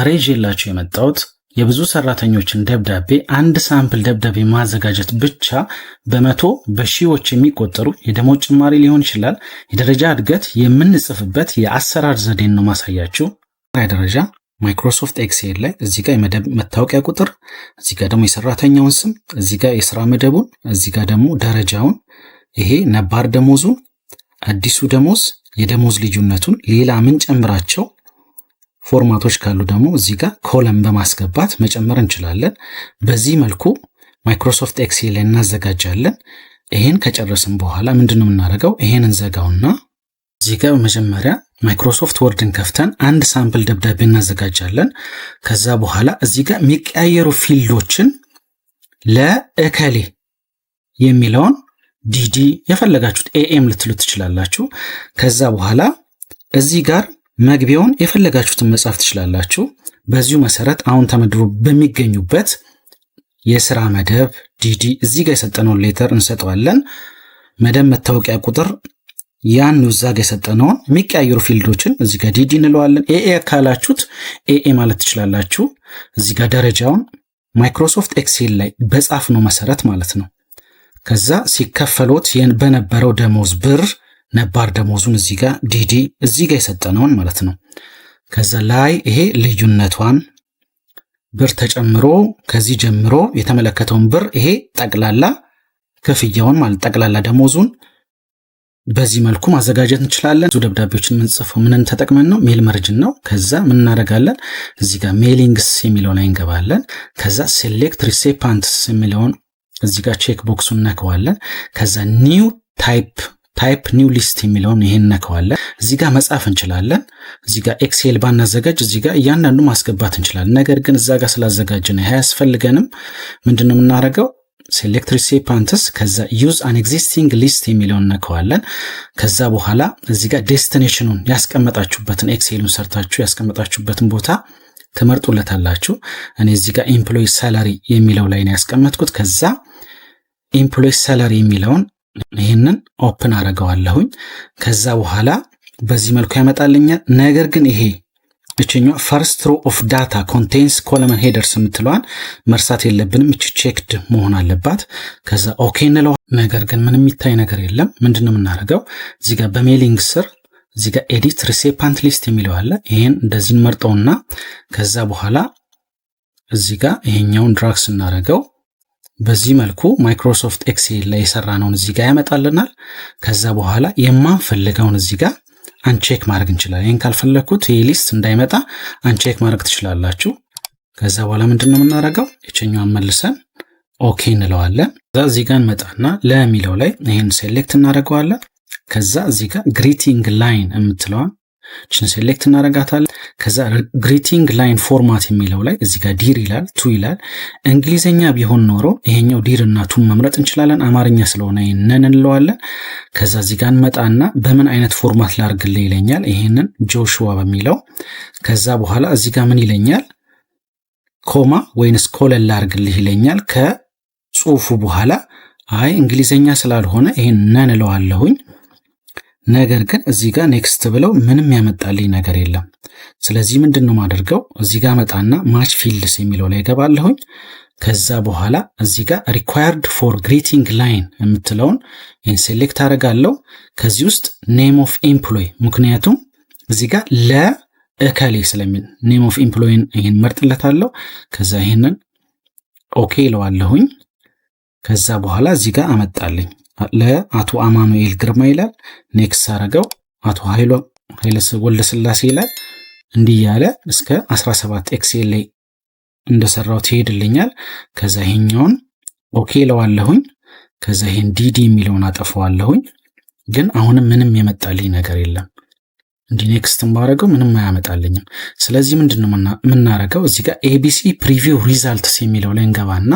ዛሬ ይዤላችሁ የመጣሁት የብዙ ሰራተኞችን ደብዳቤ አንድ ሳምፕል ደብዳቤ ማዘጋጀት ብቻ በመቶ በሺዎች የሚቆጠሩ የደሞዝ ጭማሪ ሊሆን ይችላል፣ የደረጃ እድገት የምንጽፍበት የአሰራር ዘዴን ነው ማሳያችሁ። ደረጃ ማይክሮሶፍት ኤክሴል ላይ እዚህ ጋር የመደብ መታወቂያ ቁጥር፣ እዚህ ጋር ደግሞ የሰራተኛውን ስም፣ እዚህ ጋር የስራ መደቡን፣ እዚህ ጋር ደግሞ ደረጃውን፣ ይሄ ነባር ደሞዙን፣ አዲሱ ደሞዝ፣ የደሞዝ ልዩነቱን፣ ሌላ ምን ጨምራቸው ፎርማቶች ካሉ ደግሞ እዚህ ጋር ኮለም በማስገባት መጨመር እንችላለን። በዚህ መልኩ ማይክሮሶፍት ኤክሴል እናዘጋጃለን። ይሄን ከጨረስን በኋላ ምንድን ነው የምናደርገው? ይሄን እንዘጋውና እዚህ ጋር በመጀመሪያ ማይክሮሶፍት ወርድን ከፍተን አንድ ሳምፕል ደብዳቤ እናዘጋጃለን። ከዛ በኋላ እዚህ ጋር የሚቀያየሩ ፊልዶችን ለእከሌ የሚለውን ዲዲ የፈለጋችሁት ኤኤም ልትሉ ትችላላችሁ። ከዛ በኋላ እዚህ ጋር መግቢያውን የፈለጋችሁትን መጻፍ ትችላላችሁ። በዚሁ መሰረት አሁን ተመድቦ በሚገኙበት የስራ መደብ ዲዲ እዚህ ጋር የሰጠነውን ሌተር እንሰጠዋለን። መደብ መታወቂያ ቁጥር ያን እዛ ጋር የሰጠነውን የሚቀያየሩ ፊልዶችን እዚህ ጋር ዲዲ እንለዋለን። ኤኤ ካላችሁት ኤኤ ማለት ትችላላችሁ። እዚህ ጋር ደረጃውን ማይክሮሶፍት ኤክሴል ላይ በጻፍ ነው መሰረት ማለት ነው። ከዛ ሲከፈሎት በነበረው ደሞዝ ብር ነባር ደሞዙን እዚህ ጋር ዲዲ እዚህ ጋር የሰጠነውን ማለት ነው። ከዛ ላይ ይሄ ልዩነቷን ብር ተጨምሮ ከዚህ ጀምሮ የተመለከተውን ብር ይሄ ጠቅላላ ክፍያውን ማለት ጠቅላላ ደሞዙን በዚህ መልኩ ማዘጋጀት እንችላለን። ብዙ ደብዳቤዎችን የምንጽፈው ምንን ተጠቅመን ነው? ሜል መርጅን ነው። ከዛ ምን እናደርጋለን? እዚህ ጋር ሜሊንግስ የሚለው ላይ እንገባለን። ከዛ ሴሌክት ሪሴፓንትስ የሚለውን እዚህ ጋር ቼክ ቦክሱን እናከዋለን። ከዛ ኒው ታይፕ ታይፕ ኒው ሊስት የሚለውን ይሄን ነከዋለን። እዚህ ጋር መጻፍ እንችላለን። እዚህ ጋር ኤክሴል ባናዘጋጅ እዚህ ጋር እያንዳንዱ ማስገባት እንችላለን። ነገር ግን እዛ ጋር ስላዘጋጅን አያስፈልገንም። ምንድን ነው የምናደርገው? ሴሌክት ሪሲፓንትስ ከዛ ዩዝ አን ኤግዚስቲንግ ሊስት የሚለውን ነከዋለን። ከዛ በኋላ እዚህ ጋር ዴስቲኔሽኑን ያስቀመጣችሁበትን ኤክሴሉን ሰርታችሁ ያስቀመጣችሁበትን ቦታ ትመርጡለታላችሁ። እኔ እዚህ ጋር ኤምፕሎይ ሳላሪ የሚለው ላይ ነው ያስቀመጥኩት። ከዛ ኤምፕሎይ ሳላሪ የሚለውን ይህንን ኦፕን አረገዋለሁኝ። ከዛ በኋላ በዚህ መልኩ ያመጣልኛል። ነገር ግን ይሄ እችኛዋ ፈርስት ሮ ኦፍ ዳታ ኮንቴንስ ኮለመን ሄደርስ የምትለዋን መርሳት የለብንም። እች ቼክድ መሆን አለባት። ከዛ ኦኬ እንለዋ። ነገር ግን ምን የሚታይ ነገር የለም። ምንድን ነው የምናደርገው? እዚህ ጋር በሜሊንግ ስር እዚህ ጋር ኤዲት ሪሴፓንት ሊስት የሚለው አለ። ይህን እንደዚህ እንመርጠውና ከዛ በኋላ እዚህ ጋር ይሄኛውን ድራግስ እናደርገው በዚህ መልኩ ማይክሮሶፍት ኤክሴል ላይ የሰራነውን እዚህ ጋር ያመጣልናል። ከዛ በኋላ የማንፈልገውን እዚህ ጋር አንቼክ ማድረግ እንችላለን። ይህን ካልፈለግኩት ይህ ሊስት እንዳይመጣ አንቼክ ማድረግ ትችላላችሁ። ከዛ በኋላ ምንድን ነው የምናደርገው? የቸኛዋን መልሰን ኦኬ እንለዋለን። ከዛ እዚህ ጋር እንመጣና ለሚለው ላይ ይህን ሴሌክት እናደርገዋለን። ከዛ እዚህ ጋር ግሪቲንግ ላይን የምትለዋን ችን ሴሌክት እናደርጋታለን። ከዛ ግሪቲንግ ላይን ፎርማት የሚለው ላይ እዚህ ጋር ዲር ይላል ቱ ይላል። እንግሊዝኛ ቢሆን ኖሮ ይሄኛው ዲር እና ቱን መምረጥ እንችላለን። አማርኛ ስለሆነ ነን እንለዋለን። ከዛ እዚህ ጋር እንመጣና በምን አይነት ፎርማት ላርግልህ ይለኛል። ይሄንን ጆሹዋ በሚለው ከዛ በኋላ እዚህ ጋር ምን ይለኛል? ኮማ ወይንስ ኮለን ላርግልህ ይለኛል ከጽሁፉ በኋላ አይ እንግሊዝኛ ስላልሆነ ይሄን ነን እለዋለሁኝ። ነገር ግን እዚህ ጋር ኔክስት ብለው ምንም ያመጣልኝ ነገር የለም። ስለዚህ ምንድን ነው ማደርገው? እዚህ ጋር መጣና ማች ፊልድስ የሚለው ላይ ገባለሁኝ። ከዛ በኋላ እዚህ ጋር ሪኳየርድ ፎር ግሪቲንግ ላይን የምትለውን ይህን ሴሌክት አደርጋለሁ። ከዚህ ውስጥ ኔም ኦፍ ኤምፕሎይ ምክንያቱም እዚህ ጋር ለእከሌ ስለሚል ኔም ኦፍ ኤምፕሎይን ይህን መርጥለታለሁ። ከዛ ይህንን ኦኬ ይለዋለሁኝ። ከዛ በኋላ እዚህ ጋር አመጣልኝ። ለአቶ አማኑኤል ግርማ ይላል። ኔክስት አረገው አቶ ኃይለ ስላሴ ይላል። እንዲህ ያለ እስከ 17 ኤክሴል ላይ እንደሰራው ትሄድልኛል። ከዛ ይሄኛውን ኦኬ ለዋለሁኝ። ከዛ ይሄን ዲዲ የሚለውን አጠፋዋለሁኝ። ግን አሁንም ምንም የመጣልኝ ነገር የለም። እንዲህ ኔክስት ባረገው ምንም አያመጣልኝም። ስለዚህ ምንድን ነው የምናረገው? እዚህ ጋር ኤቢሲ ፕሪቪው ሪዛልትስ የሚለው ላይ እንገባና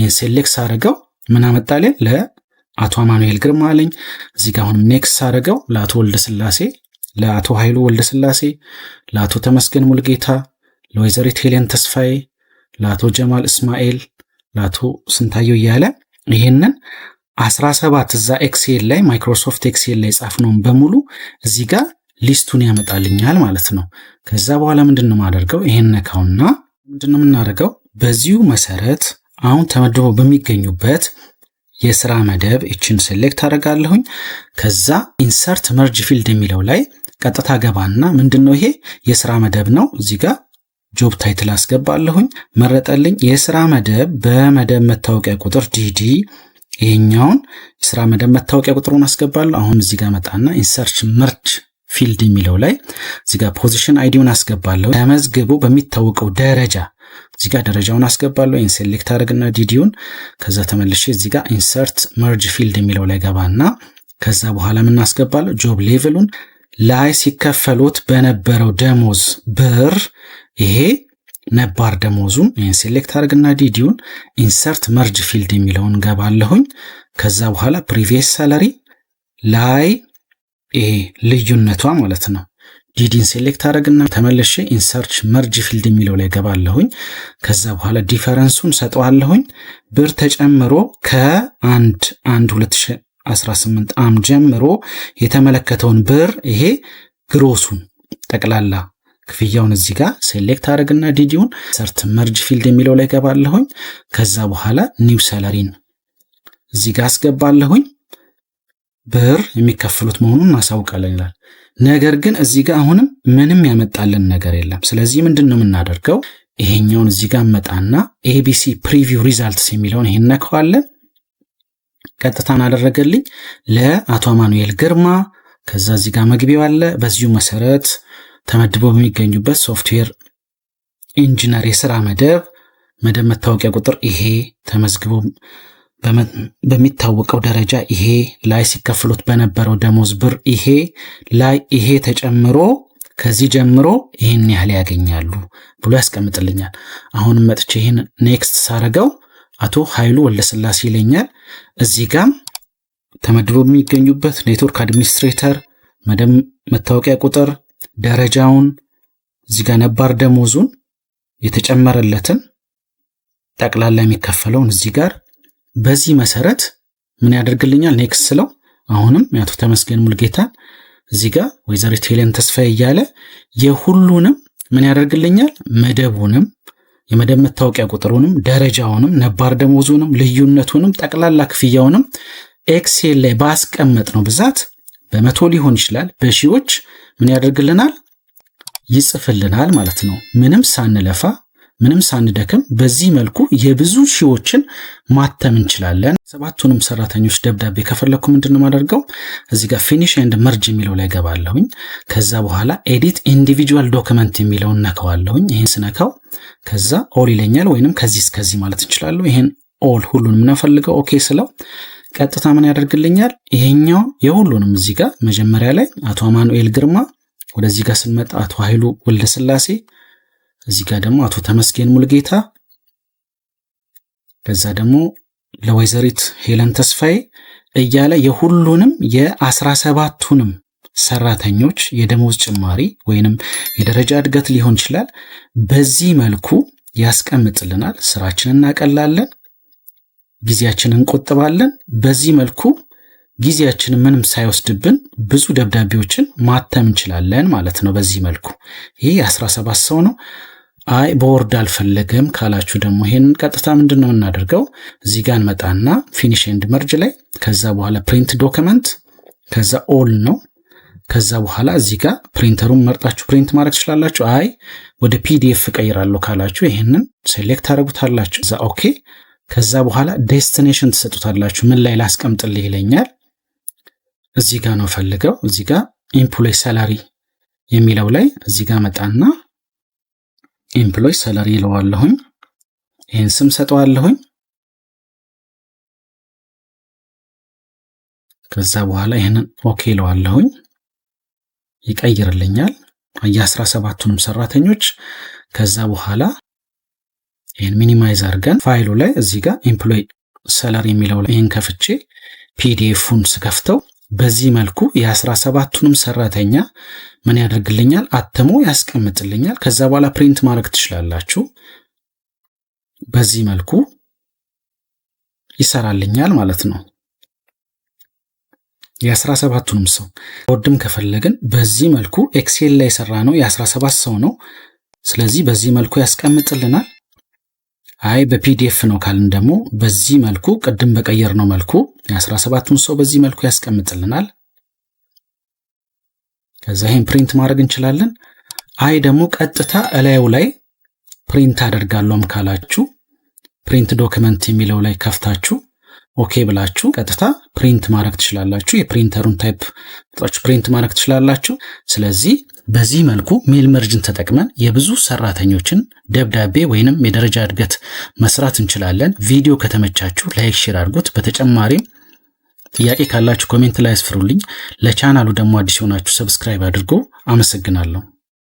ይህን ሴሌክስ አረገው ምን አመጣልን? አቶ አማኑኤል ግርማ አለኝ። እዚህ ጋር አሁን ኔክስ አድርገው ለአቶ ወልደ ስላሴ፣ ለአቶ ኃይሉ ወልደ ስላሴ፣ ለአቶ ተመስገን ሙልጌታ፣ ለወይዘሪት ሄሌን ተስፋዬ፣ ለአቶ ጀማል እስማኤል፣ ለአቶ ስንታየው እያለ ይህንን 17 እዛ ኤክሴል ላይ ማይክሮሶፍት ኤክሴል ላይ ጻፍነውን በሙሉ እዚህ ጋር ሊስቱን ያመጣልኛል ማለት ነው። ከዛ በኋላ ምንድን ነው የማደርገው? ይሄን ነካውና ምንድን ነው የምናደርገው? በዚሁ መሰረት አሁን ተመድበው በሚገኙበት የስራ መደብ እችን ሴሌክት አደርጋለሁኝ። ከዛ ኢንሰርት መርጅ ፊልድ የሚለው ላይ ቀጥታ ገባና ምንድን ነው ይሄ የስራ መደብ ነው። እዚህ ጋር ጆብ ታይትል አስገባለሁኝ። መረጠልኝ የስራ መደብ በመደብ መታወቂያ ቁጥር ዲዲ ይሄኛውን የስራ መደብ መታወቂያ ቁጥሩን አስገባለሁ። አሁን እዚህ ጋር መጣና ኢንሰርች መርጅ ፊልድ የሚለው ላይ እዚህ ጋር ፖዚሽን አይዲውን አስገባለሁ። ተመዝግቦ በሚታወቀው ደረጃ እዚህ ጋር ደረጃውን አስገባለሁ። ይህን ሴሌክት አድርግና ዲዲውን ከዛ ተመልሼ እዚህ ጋር ኢንሰርት መርጅ ፊልድ የሚለው ላይ ገባና ከዛ በኋላ የምናስገባለው ጆብ ሌቭሉን ላይ ሲከፈሉት በነበረው ደሞዝ ብር ይሄ ነባር ደሞዙን ይህን ሴሌክት አድርግና ዲዲውን ኢንሰርት መርጅ ፊልድ የሚለውን ገባለሁኝ። ከዛ በኋላ ፕሪቪየስ ሳላሪ ላይ ይሄ ልዩነቷ ማለት ነው ዲዲን ሴሌክት አደረግና ተመልሼ ኢንሰርች መርጅ ፊልድ የሚለው ላይ ገባለሁኝ። ከዛ በኋላ ዲፈረንሱን ሰጠዋለሁኝ። ብር ተጨምሮ ከአንድ አንድ 2018 አም ጀምሮ የተመለከተውን ብር ይሄ ግሮሱን ጠቅላላ ክፍያውን እዚህ ጋር ሴሌክት አደረግና ዲዲውን ሰርት መርጅ ፊልድ የሚለው ላይ ገባለሁኝ። ከዛ በኋላ ኒው ሰለሪን እዚህ ጋር አስገባለሁኝ። ብር የሚከፍሉት መሆኑን እናሳውቃለን ይላል። ነገር ግን እዚህ ጋር አሁንም ምንም ያመጣልን ነገር የለም። ስለዚህ ምንድን ነው የምናደርገው? ይሄኛውን እዚህ ጋር መጣና ኤቢሲ ፕሪቪው ሪዛልትስ የሚለውን ይሄን ነከዋለን። ቀጥታን አደረገልኝ ለአቶ አማኑኤል ግርማ። ከዛ እዚህ ጋር መግቢያው አለ። በዚሁ መሰረት ተመድቦ በሚገኙበት ሶፍትዌር ኢንጂነር የስራ መደብ መደብ መታወቂያ ቁጥር ይሄ ተመዝግቦ በሚታወቀው ደረጃ ይሄ ላይ ሲከፍሉት በነበረው ደሞዝ ብር ይሄ ላይ ይሄ ተጨምሮ ከዚህ ጀምሮ ይህን ያህል ያገኛሉ ብሎ ያስቀምጥልኛል። አሁንም መጥቼ ይህን ኔክስት ሳረገው አቶ ኃይሉ ወለስላሴ ይለኛል። እዚህ ጋም ተመድቦ የሚገኙበት ኔትወርክ አድሚኒስትሬተር መደብ መታወቂያ ቁጥር ደረጃውን እዚህ ጋር ነባር ደሞዙን የተጨመረለትን ጠቅላላ የሚከፈለውን እዚህ ጋር በዚህ መሰረት ምን ያደርግልኛል? ኔክስ ስለው አሁንም የአቶ ተመስገን ሙልጌታን እዚህ ጋ ወይዘሪት ሄለን ተስፋዬ እያለ የሁሉንም ምን ያደርግልኛል? መደቡንም የመደብ መታወቂያ ቁጥሩንም ደረጃውንም ነባር ደሞዙንም ልዩነቱንም ጠቅላላ ክፍያውንም ኤክሴል ላይ ባስቀመጥ ነው ብዛት በመቶ ሊሆን ይችላል በሺዎች ምን ያደርግልናል? ይጽፍልናል ማለት ነው ምንም ሳንለፋ ምንም ሳንደክም በዚህ መልኩ የብዙ ሺዎችን ማተም እንችላለን። ሰባቱንም ሰራተኞች ደብዳቤ ከፈለግኩ ምንድን ማደርገው እዚህ ጋር ፊኒሽ ኤንድ መርጅ የሚለው ላይ ገባለሁኝ። ከዛ በኋላ ኤዲት ኢንዲቪጁዋል ዶክመንት የሚለውን ነከዋለሁኝ። ይህን ስነከው ከዛ ኦል ይለኛል፣ ወይንም ከዚህ እስከዚህ ማለት እንችላለሁ። ይህን ኦል ሁሉንም የምንፈልገው ኦኬ ስለው ቀጥታ ምን ያደርግልኛል? ይሄኛው የሁሉንም እዚህ ጋር መጀመሪያ ላይ አቶ አማኑኤል ግርማ፣ ወደዚህ ጋር ስንመጣ አቶ ኃይሉ ወልደስላሴ እዚህ ጋር ደግሞ አቶ ተመስገን ሙልጌታ፣ ከዛ ደግሞ ለወይዘሪት ሄለን ተስፋዬ እያለ የሁሉንም የአስራ ሰባቱንም ሰራተኞች የደሞዝ ጭማሪ ወይንም የደረጃ እድገት ሊሆን ይችላል። በዚህ መልኩ ያስቀምጥልናል። ስራችንን እናቀላለን፣ ጊዜያችንን እንቆጥባለን። በዚህ መልኩ ጊዜያችንን ምንም ሳይወስድብን ብዙ ደብዳቤዎችን ማተም እንችላለን ማለት ነው። በዚህ መልኩ ይህ የአስራ ሰባት ሰው ነው። አይ በወርድ አልፈለግም ካላችሁ ደግሞ ይሄን ቀጥታ ምንድን ነው የምናደርገው? እዚህ ጋር እንመጣና ፊኒሽ ኤንድ መርጅ ላይ ከዛ በኋላ ፕሪንት ዶክመንት ከዛ ኦል ነው። ከዛ በኋላ እዚህ ጋር ፕሪንተሩን መርጣችሁ ፕሪንት ማድረግ ትችላላችሁ። አይ ወደ ፒዲኤፍ እቀይራለሁ ካላችሁ ይሄንን ሴሌክት ታደረጉታላችሁ። እዛ ኦኬ። ከዛ በኋላ ዴስቲኔሽን ትሰጡታላችሁ። ምን ላይ ላስቀምጥልህ ይለኛል። እዚህ ጋር ነው ፈልገው። እዚህ ጋር ኢምፕሎይ ሰላሪ የሚለው ላይ እዚህ ጋር መጣና ኤምፕሎይ ሰላሪ ይለዋለሁኝ። ይህን ስም ሰጠዋለሁኝ። ከዛ በኋላ ይህንን ኦኬ ይለዋለሁኝ። ይቀይርልኛል የአስራ ሰባቱንም ሰራተኞች። ከዛ በኋላ ይህን ሚኒማይዝ አድርገን ፋይሉ ላይ እዚህ ጋር ኤምፕሎይ ሰላሪ የሚለው ይህን ከፍቼ ፒዲኤፉን ስከፍተው በዚህ መልኩ የአስራ ሰባቱንም ሰራተኛ ምን ያደርግልኛል? አትሞ ያስቀምጥልኛል። ከዛ በኋላ ፕሪንት ማድረግ ትችላላችሁ። በዚህ መልኩ ይሰራልኛል ማለት ነው። የአስራ ሰባቱንም ሰው ወድም ከፈለግን በዚህ መልኩ ኤክሴል ላይ የሰራ ነው የአስራ ሰባት ሰው ነው። ስለዚህ በዚህ መልኩ ያስቀምጥልናል። አይ በፒዲኤፍ ነው ካልን ደግሞ በዚህ መልኩ ቅድም በቀየር ነው መልኩ የ17ቱን ሰው በዚህ መልኩ ያስቀምጥልናል። ከዛ ይህን ፕሪንት ማድረግ እንችላለን። አይ ደግሞ ቀጥታ እላዩ ላይ ፕሪንት አደርጋለሁም ካላችሁ ፕሪንት ዶክመንት የሚለው ላይ ከፍታችሁ ኦኬ ብላችሁ ቀጥታ ፕሪንት ማድረግ ትችላላችሁ። የፕሪንተሩን ታይፕ ጣችሁ ፕሪንት ማድረግ ትችላላችሁ። ስለዚህ በዚህ መልኩ ሜል መርጅን ተጠቅመን የብዙ ሰራተኞችን ደብዳቤ ወይንም የደረጃ እድገት መስራት እንችላለን። ቪዲዮ ከተመቻችሁ ላይክ፣ ሼር አድርጉት። በተጨማሪም ጥያቄ ካላችሁ ኮሜንት ላይ አስፍሩልኝ። ለቻናሉ ደግሞ አዲስ የሆናችሁ ሰብስክራይብ አድርጎ አመሰግናለሁ።